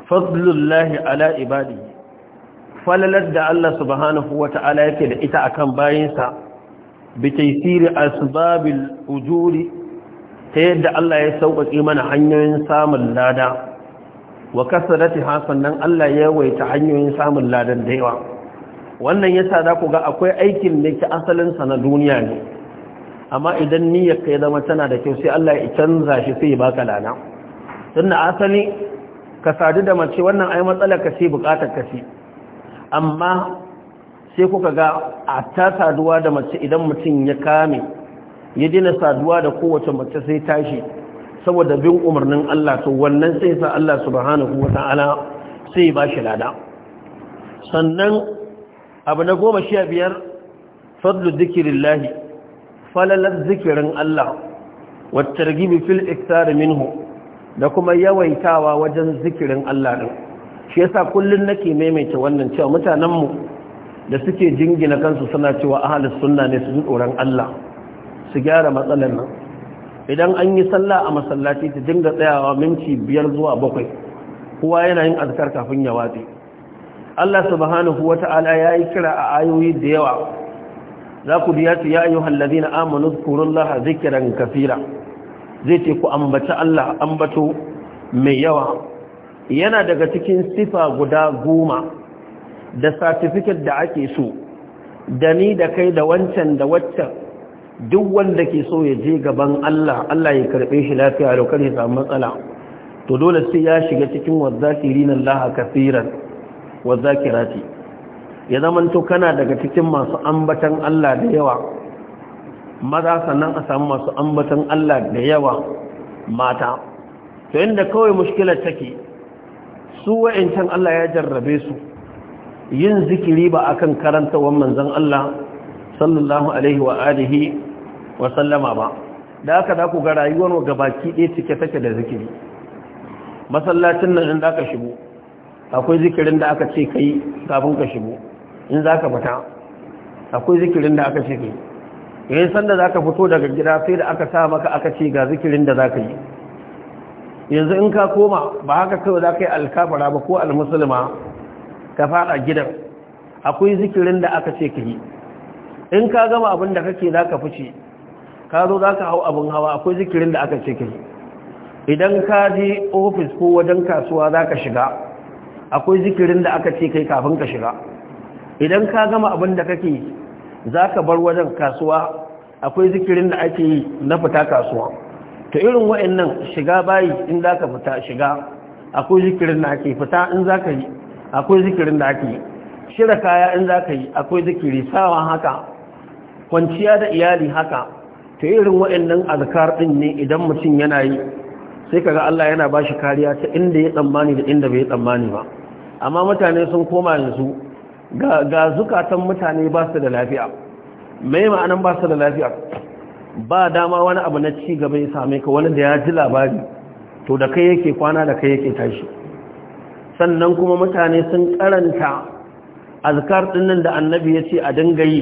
fadlullahi ala ibadi falalar da Allah subhanahu wa ta'ala yake da ita akan bayinsa bitaisiri asbabil ujuri ta yadda Allah ya sauƙaƙe mana hanyoyin samun lada wa kasarati hasan nan Allah ya yawaita hanyoyin samun ladan da yawa wannan yasa za ku ga akwai aikin da ke asalin sa na duniya ne amma idan niyyar ka ya zama tana da kyau sai Allah ya canza shi sai ya baka lana tunda asali ka sadu da mace wannan ai matsalar ka ce bukatar ka ce amma sai kuka ga a ta saduwa da mace idan mutum ya kame ya dina saduwa da kowace mace sai tashi saboda bin umarnin Allah to wannan sai sa Allah subhanahu ta'ala sai ba shi lada sannan abu na goma sha biyar fadlu zikirin lahi falalar zikirin Allah wata ragibi fil iktari minhu da kuma yawaitawa wajen zikirin Allah ɗin shi yasa kullum nake maimaita wannan cewa mutanenmu da suke jingina kansu suna cewa ahalus sunna ne su tsoron Allah su gyara matsalar nan idan an yi sallah a masallaci ta dinga tsayawa minti biyar zuwa bakwai kowa yana yin azkar kafin ya watsi Allah subhanahu wata'ala ya yi kira a ayoyi da yawa za ku ji ya ce ya ayyuhal ladina amanu zkurullaha zikran kaseera zai ce ku ambaci Allah ambato mai yawa yana daga cikin sifa guda goma da certificate da ake so da ni da kai da wancan da waccan duk wanda ke so ya je gaban Allah Allah ya karbe shi lafiya da ya samu matsala to dole sai ya shiga cikin wazakirin Allah kafiran wazakirati ya zamanto kana daga cikin masu ambatan Allah da yawa maza sannan a samu masu ambatan Allah da yawa mata to inda kawai mushkilar take su wa'incan Allah ya jarrabe su yin zikiri ba akan karantawan manzan Allah sallallahu alaihi wa alihi wa sallama ba da aka da ku ga rayuwar wa gabaki ɗaya cike take da zikiri masallacin nan inda aka shigo akwai zikirin da aka ce kai kafin ka shigo in za ka fita akwai zikirin da aka ce kai Yin sanda za ka fito daga gida sai da aka sa maka aka ce ga zikirin da za ka yi yanzu in ka koma ba haka kawai za ka yi alkafara ba ko almusulma ka fara gidan akwai zikirin da aka ce ka yi in ka gama abin da kake za ka fice ka zo za ka hau abin hawa akwai zikirin da aka ce ka yi idan ka je ofis ko wajen kasuwa za ka shiga akwai zikirin da aka ce kai kafin ka shiga idan ka gama abin da kake za ka bar wajen kasuwa akwai zikirin da ake yi na fita kasuwa to irin wa'in nan shiga bayi in za ka fita shiga akwai zikirin da ake fita in za ka yi akwai zikirin da ake shirya kaya in za ka yi akwai zikiri sawa haka kwanciya da iyali haka ta irin waɗannan azkar ɗin ne idan mutum yana yi sai ka ga Allah yana ba shi kariya ta inda ya tsammani da inda bai tsammani ba amma mutane sun koma yanzu ga zukatan mutane ba su da lafiya mai ma'anan ba su da lafiya ba dama wani abu na ci gaba ya same ka wani da ya ji labari to da kai yake kwana da kai yake tashi sannan kuma mutane sun karanta azkar dinnan da annabi ya ce a dinga yi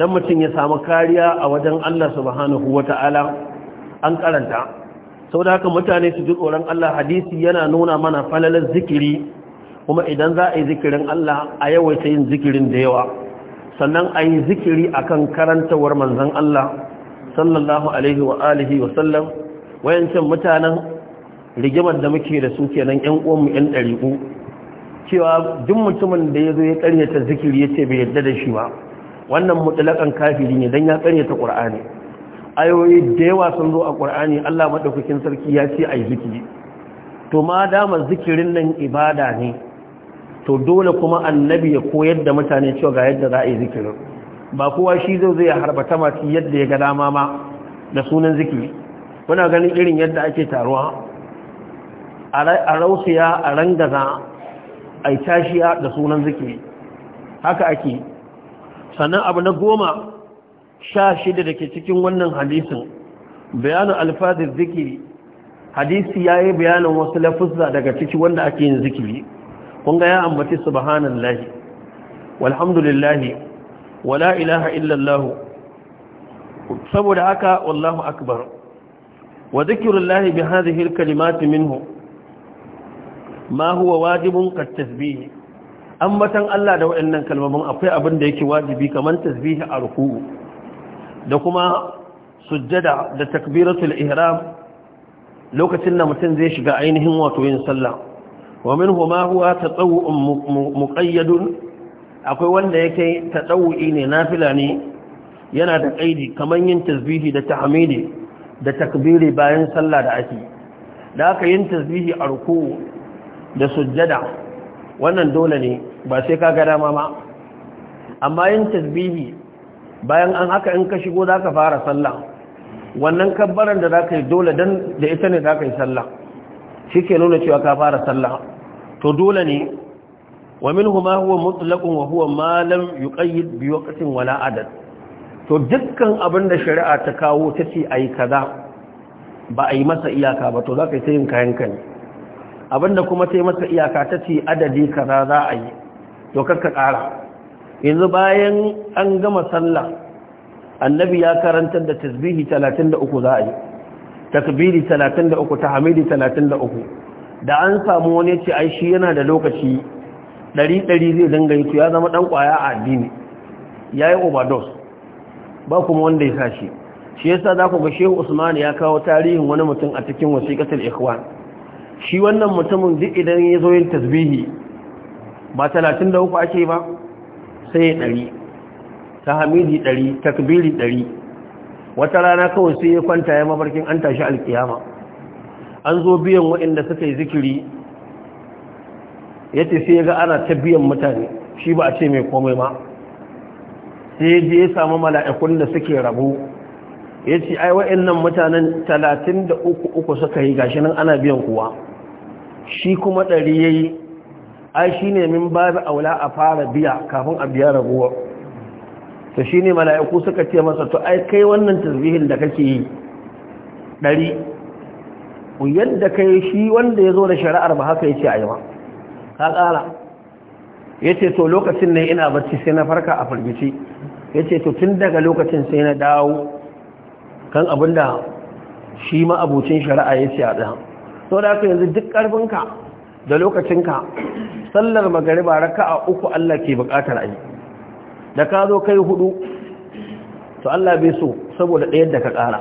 don mutum ya samu kariya a wajen Allah subhanahu wata'ala an karanta sau da haka mutane su ji tsoron Allah hadisi yana nuna mana falalar zikiri kuma idan za a yi zikirin Allah a yawaita yin zikirin da yawa sannan a yi zikiri akan karantawar manzan Allah sallallahu alaihi wa alihi wa sallam wayancin mutanen rigimar da muke da su kenan yan uwanmu yan ɗariƙu cewa duk mutumin da ya zo ya ƙaryata zikiri ya ce bai yarda da shi ba wannan mutulakan kafiri ne don ya ƙaryata ƙur'ani ayoyi da yawa sun zo a ƙur'ani allah maɗaukakin sarki ya ce a yi zikiri to ma dama zikirin nan ibada ne to dole kuma annabi ya koyar da mutane cewa ga yadda za a yi zikirin ba kowa shi zai zai harba tamaki yadda ya ga dama ma da sunan zikiri muna ganin irin yadda ake taruwa a rausiya a rangaza a tashiya da sunan zikiri haka ake sannan abu na goma sha shida da ke cikin wannan hadisin bayanin alfazin zikiri hadisi ya yi bayanin wasu lafuzza daga ciki wanda ake yin zikiri kunga ya ambaci subhanallahi walhamdulillahi wala ilaha illallah saboda haka wallahu akbar wa zikrullahi bi hadhihi alkalimati minhu ma huwa wajibun kat tasbih ambatan Allah da waɗannan kalmomin akwai abin da yake wajibi kamar tasbihi a ruku'u da kuma sujjada da takbiratul ihram lokacin da mutum zai shiga ainihin wato yin sallah wa minhu ma huwa tatawwu'un muqayyadun akwai wanda yake tatawwu'i ne nafila ne yana da kaidi kaman yin tasbihi da tahmidi da takbiri bayan sallah da ake da aka yin tasbihi a ruku'u da sujjada wannan dole ne ba sai ka ga dama ma amma yin tasbihi bayan an haka in ka shigo za ka fara sallah wannan kabbaran da za ka yi dole dan da ita ne za ka yi sallah shi ke nuna cewa ka fara sallah to dole ne wa min huma huwa mutlaqun wa huwa ma lam yuqayyid bi waqtin wala adad to dukkan abin da shari'a ta kawo ta ce ayi kaza ba a yi masa iyaka ba to za ka yi ta yin kayan kanka ne abinda kuma sai masa iyaka ta ce adadi kaza za a yi to ka ƙara yanzu bayan an gama sallah annabi ya karantar da tasbihi 33 za a yi takbiri 33 tahmidi 33 da an samu wani ce ai shi yana da lokaci 100 zai dinga yi to ya zama dan kwaya a addini yayi overdose ba kuma wanda ya sashi shi yasa za ku ga Shehu Usman ya kawo tarihin wani mutum a cikin wasiqatul ikhwan shi wannan mutumin duk idan ya zo yin tasbihi ba 33 ake ba sai ya ɗari ta hamidi ɗari takbiri ɗari wata rana kawai sai ya kwanta ya mafarkin an tashi alkiyama an zo biyan waɗanda suka yi zikiri ya ce sai ya ga ana ta biyan mutane shi ba a ce mai komai ma sai je ya samu mala'ikun da suke rabu ya ce ai waɗannan mutanen 33 uku suka yi gashi nan ana biyan kuwa shi kuma ɗari ya yi ai shi ne min babu aula a fara biya kafin a biya raguwa ta shi ne mala'iku suka ce masa to ai kai wannan tasbihin da kake yi ɗari yadda kai shi wanda ya zo da shari'ar ba haka ya ce a yi ba ka ƙara ya ce to lokacin ne ina barci sai na farka a firgici ya ce to tun daga lokacin sai na dawo kan abin da shi ma abucin shari'a ya ce a ɗan sau da yanzu duk ƙarfinka da lokacinka sallar magariba raka a uku Allah ke bukatar ayi da ka zo kai hudu to Allah bai so saboda ɗayar da ka ƙara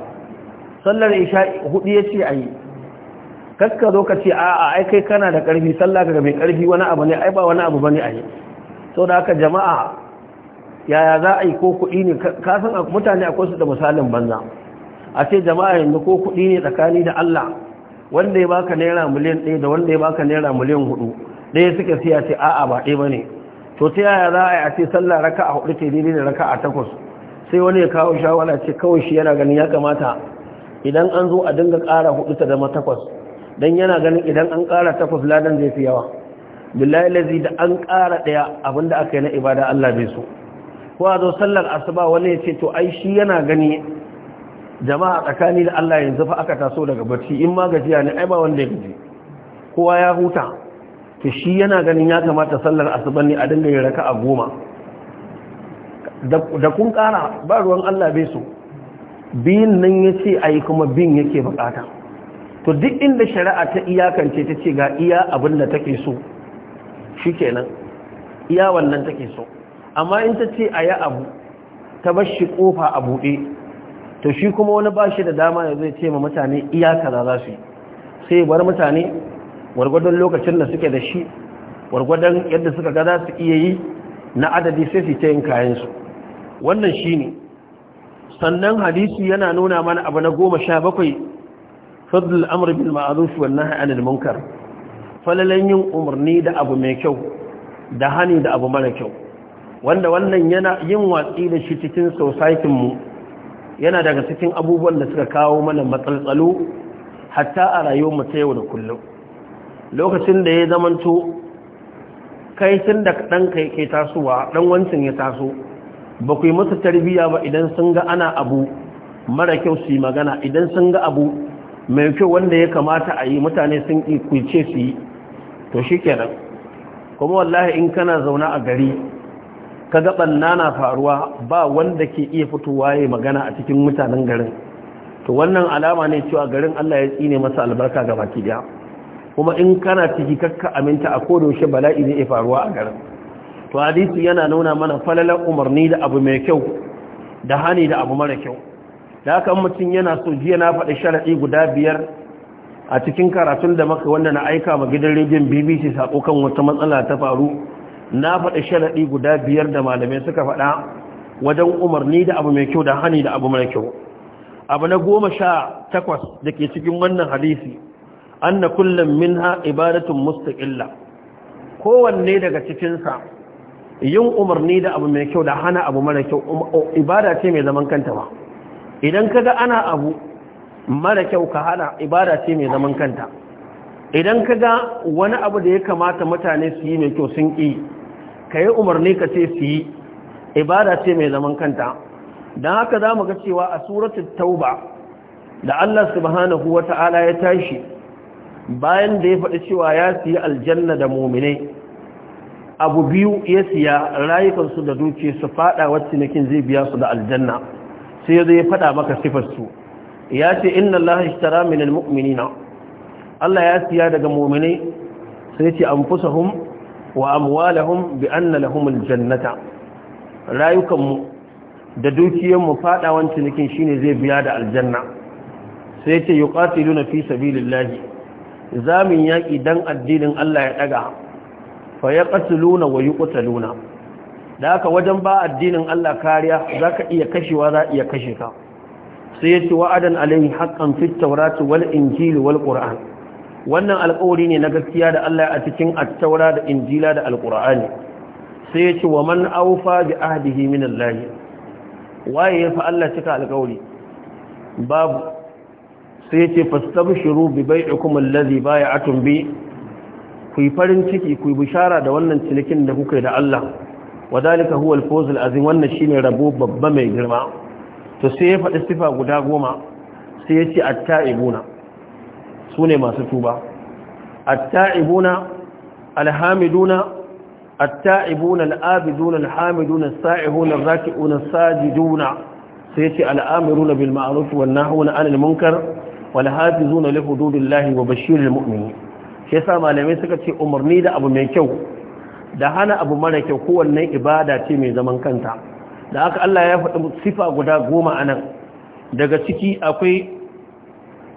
sallar isha hudu ya ce ayi kakka zo ka ce a'a ai kai kana da ƙarfi sallah ka ga mai ƙarfi wani abu ne ai ba wani abu bane ayi sau da haka jama'a yaya za a yi ko kuɗi ne ka san mutane akwai su da misalin banza a ce jama'a yanzu ko kuɗi ne tsakani da Allah wanda ya baka naira miliyan ɗaya da wanda ya baka naira miliyan hudu ɗaya suka siya ce a'a ba ɗaya ba ne to ta yaya za a yi a ce sallah raka a hudu ce daidai da raka a takwas sai wani ya kawo shawara ce kawai shi yana ganin ya kamata idan an zo a dinga ƙara hudu ta zama takwas don yana ganin idan an ƙara takwas ladan zai fi yawa billahi lazi da an ƙara ɗaya abin da aka yi na ibada Allah bai so ko a zo sallar asuba wani ya ce to ai shi yana gani jama'a tsakani da Allah yanzu fa aka taso daga barci in ma gajiya ne ai ba wanda ya gaji kowa ya huta to shi yana ganin ya kamata sallar asuban ne a dinga yin raka'a goma da kun kara ba ruwan Allah bai so biyin nan yace yi kuma bin yake bukata to duk inda shari'a ta iyakance ta ce ga iya abin da take so shikenan iya wannan take so amma in ta ce ayi abu ta bar shi kofa a buɗe to shi kuma wani ba shi da dama ya zai ce ma mutane iya kaza za su yi sai bar mutane gwargwadon lokacin da suke da shi wargwadon yadda suka ga za su iya yi na adadi sai su ta yin kayansu wannan shi ne sannan hadisi yana nuna mana abu na goma sha bakwai fadl Amur, bil ma'ruf wannan nahy anil munkar falalan yin umarni da abu mai kyau da hani da abu mara kyau wanda wannan yana yin watsi da shi cikin society mu yana daga cikin abubuwan da suka kawo mana matsaltsalo hatta a rayuwar ta yau da kullum lokacin da ya zamanto kai sun da ɗan kai ke tasowa ɗan wancan ya taso ba ku yi masa tarbiyya ba idan sun ga ana abu mara kyau su magana idan sun ga abu mai kyau wanda ya kamata a yi mutane sun kuice su yi to shi kenan kuma wallahi in kana zauna a gari kaga banna na faruwa ba wanda ke iya fitowa ya magana a cikin mutanen garin to wannan alama ne cewa garin Allah ya tsine masa albarka ga baki daya kuma in kana ciki kakka aminta a kodayaushe bala'i ya faruwa a garin to hadisi yana nuna mana falalar umarni da abu mai kyau da hani da abu mara kyau da haka mutum yana so jiya na faɗi sharaɗi guda biyar a cikin karatun da maka wanda na aika ma gidan rediyon bbc sako kan wata matsala ta faru na faɗi sharaɗi guda biyar da malamai suka faɗa wajen umarni da abu mai kyau da hani da abu mai kyau abu na goma sha takwas da ke cikin wannan hadisi an na kullum min ha ibadatun mustaƙilla kowanne daga cikinsa yin umarni da abu mai kyau da hana abu mara kyau um, um, ibada ce mai zaman kanta ba idan ka ga ana abu mara kyau ka hana ibada ce mai zaman kanta idan ka ga wani abu da ya kamata mutane su yi mai kyau sun ƙi ka yi umarni ka ce su yi ibada ce mai zaman kanta don haka za mu ga cewa a suratul tauba da Allah subhanahu wa ta'ala ya tashi bayan da ya faɗi cewa ya siya aljanna da muminai abu biyu ya siya rayukansu da duke su faɗa wacce nakin zai biya su da aljanna sai ya zai faɗa maka sifarsu ya ce inna Allah ishtara min almu'minina Allah ya siya daga muminai sai ce anfusahum wa amwalahum bi anna lahum aljannata rayukan mu da dukiyar mu fadawan cinikin shine zai biya da aljanna sai yace yuqatiluna fi sabilillahi zamin yaki dan addinin Allah ya daga fa yaqtuluna wa yuqtaluna da haka wajen ba addinin Allah kariya zaka iya kashewa za iya kashe ka sai yace wa'adan alaihi haqqan fit tawrati wal injili wal qur'an wannan alƙawari ne na gaskiya da Allah a cikin attaura da injila da alƙur'ani sai ya ce wa man aufa bi ahdihi min Allah waye ya fa Allah cika alƙawari babu sai ya ce fastabshiru bi bai'ikum allazi bai'atum bi ku farin ciki ku bishara da wannan cinikin da kuka yi da Allah wadalika huwa al-fawz al-azim wannan shine rabo babba mai girma to sai ya faɗi sifa guda goma sai ya ce at-ta'ibuna su ne masu tuba atta'ibuna alhamiduna atta'ibuna al'abiduna alhamiduna as-sa'ihuna ar-raki'una sajiduna sai ce al'amiruna bil ma'ruf wan nahuna 'anil munkar wal hafizuna li hududillahi wa bashiril mu'minin shi yasa malamai suka ce umarni da abu mai kyau da hana abu mara kyau kowanne ibada ce mai zaman kanta da aka Allah ya faɗi sifa guda goma anan daga ciki akwai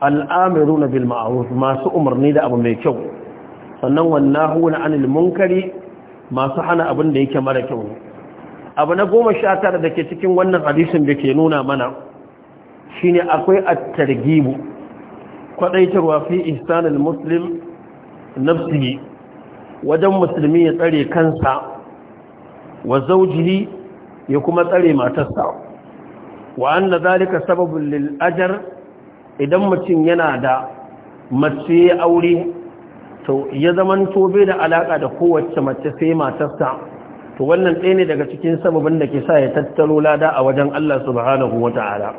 al'amiruna na bilma'aruf masu umarni da abu mai kyau sannan wannahuna anil munkari masu hana abin da yake mara kyau abu na goma sha tara da ke cikin wannan hadisin da ke nuna mana shine akwai at-targhibu kwadaitarwa fi ihsanil muslim nafsihi wajen musulmi ya tsare kansa wa zawjihi ya kuma tsare matarsa wa anna zalika sababin lil'ajar idan mutum yana da mace aure to ya zaman tobe da alaka da kowace mace sai matarsa to wannan ɗaya ne daga cikin sababin da ke sa ya tattalo lada a wajen Allah subhanahu Aka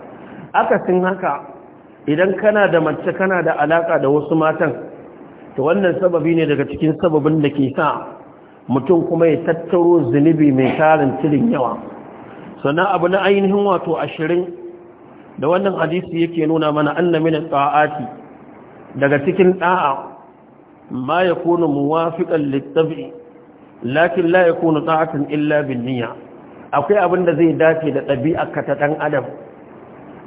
akasin haka idan kana da mace kana da alaka da wasu matan to wannan sababi ne daga cikin sababin da ke sa mutum kuma ya tattaro zunubi mai tarin tilin yawa sannan abu na ainihin wato ashirin da wannan hadisi yake nuna mana anna min ta'ati daga cikin da'a ma yakunu muwafiqan lit-tab'i lakin la yakunu ta'atan illa bin-niyya akwai abin da zai dace da ɗabi'ar ka ta dan adam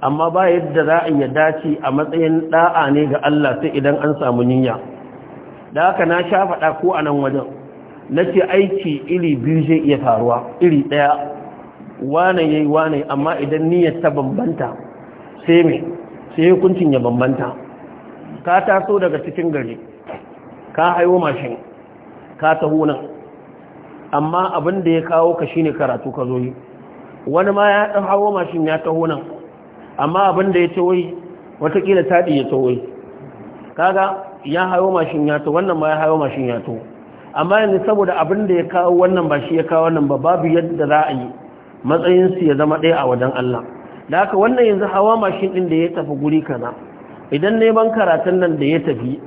amma ba yadda za a yi dace a matsayin da'a ne ga Allah sai idan an samu niyya da haka na sha faɗa ko a nan wajen nace aiki iri biyu zai iya faruwa iri ɗaya wane yayi wane amma idan niyyar ta bambanta sai mai sai hukuncin ya bambanta ka taso daga cikin gari ka haiwo mashin ka taho nan amma abin da ya kawo ka shine karatu ka zo yi wani ma ya ɗan hawo mashin ya taho nan amma abin da ya ce wai watakila taɗi ya taho wai kaga ya hawo mashin ya taho wannan ma ya hawo mashin ya taho amma yanzu saboda abin da ya kawo wannan ba shi ya kawo wannan ba babu yadda za a yi matsayinsu ya zama ɗaya a wajen Allah da haka wannan yanzu hawa mashin ɗin da ya tafi guri kana idan neman karatun nan da ya tafi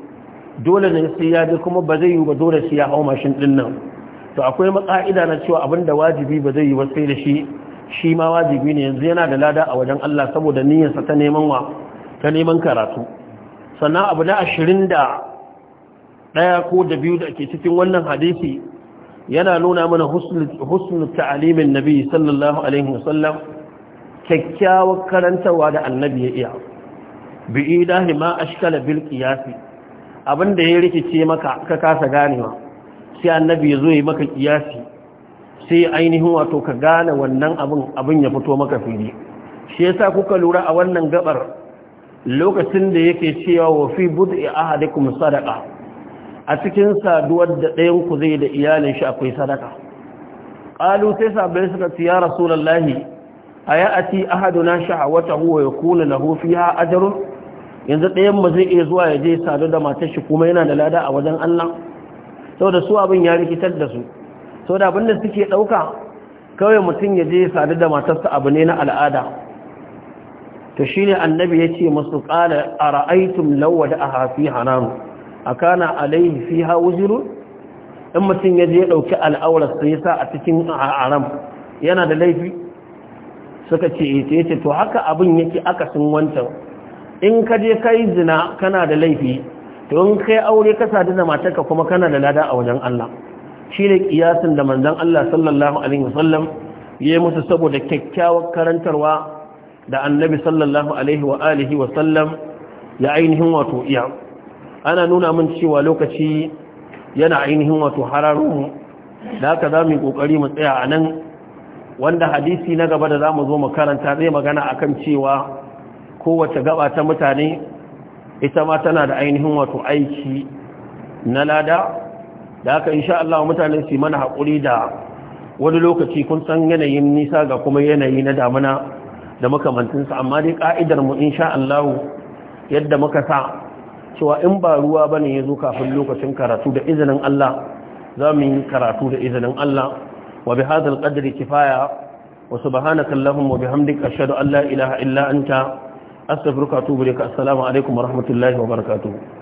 dole ne sai ya je kuma ba zai yi ba dole sai ya hawa mashin ɗin nan to akwai matsa'ida na cewa abin da wajibi ba zai yi ba sai da shi shi ma wajibi ne yanzu yana da lada a wajen Allah saboda niyyarsa ta neman wa ta neman karatu sannan abu na ashirin da ɗaya ko da biyu da ke cikin wannan hadisi yana nuna mana husnul ta'alimin nabi sallallahu alaihi wasallam kyakkyawar karantarwa da annabi ya iya bi idahi ma ashkala bil qiyasi abinda ya rikice maka ka kasa ganewa sai annabi ya zo yi maka qiyasi sai ainihin wato ka gane wannan abin abin ya fito maka fili shi yasa kuka lura a wannan gabar lokacin da yake cewa wa fi bud'i ahadikum sadaqa a cikin saduwar da ɗayan ku zai da iyalin shi akwai sadaka qalu sai sabai suka ce ya rasulullahi a ya'ati ahaduna sha'awatahu wa yakuna lahu fiha ajrun yanzu ɗayan mu zai iya zuwa ya je sadu da matar shi kuma yana da lada a wajen Allah saboda su abin ya rikitar da su saboda abin da suke ɗauka kawai mutum ya je sadu da matarsa abu ne na al'ada to shine annabi ya ce musu qala ara'aytum law wada'a fi hanan akana alayhi fiha wuzrun in mutum ya je ya dauki al'aurar sai sa a cikin haram yana da laifi suka ce eh, ita yace to haka abin yake akasin wancan in ka je kai zina kana da laifi to in kai aure ka sadu da ka kuma kana da lada a wajen Allah shi ne kiyasin da manzon Allah sallallahu alaihi wasallam ya yi musu saboda kyakkyawar karantarwa da annabi sallallahu alaihi wa alihi wasallam ya ainihin wato iya ana nuna min cewa lokaci yana ainihin wato hararu da haka za mu yi ƙoƙari mu tsaya a nan wanda hadisi na gaba da za mu zo mu karanta zai magana akan cewa kowace gaba ta mutane ita ma tana da ainihin wato aiki na lada da haka insha Allah mutane su mana haƙuri da wani lokaci kun san yanayin nisa ga kuma yanayi na damuna da makamantinsa amma dai ka'idar mu insha Allah yadda muka sa cewa in ba ruwa bane yazo kafin lokacin karatu da izinin Allah za mu yi karatu da izinin Allah وبهذا القدر كفاية وسبحانك اللهم وبحمدك أشهد أن لا إله إلا أنت أستغفرك وأتوب إليك السلام عليكم ورحمة الله وبركاته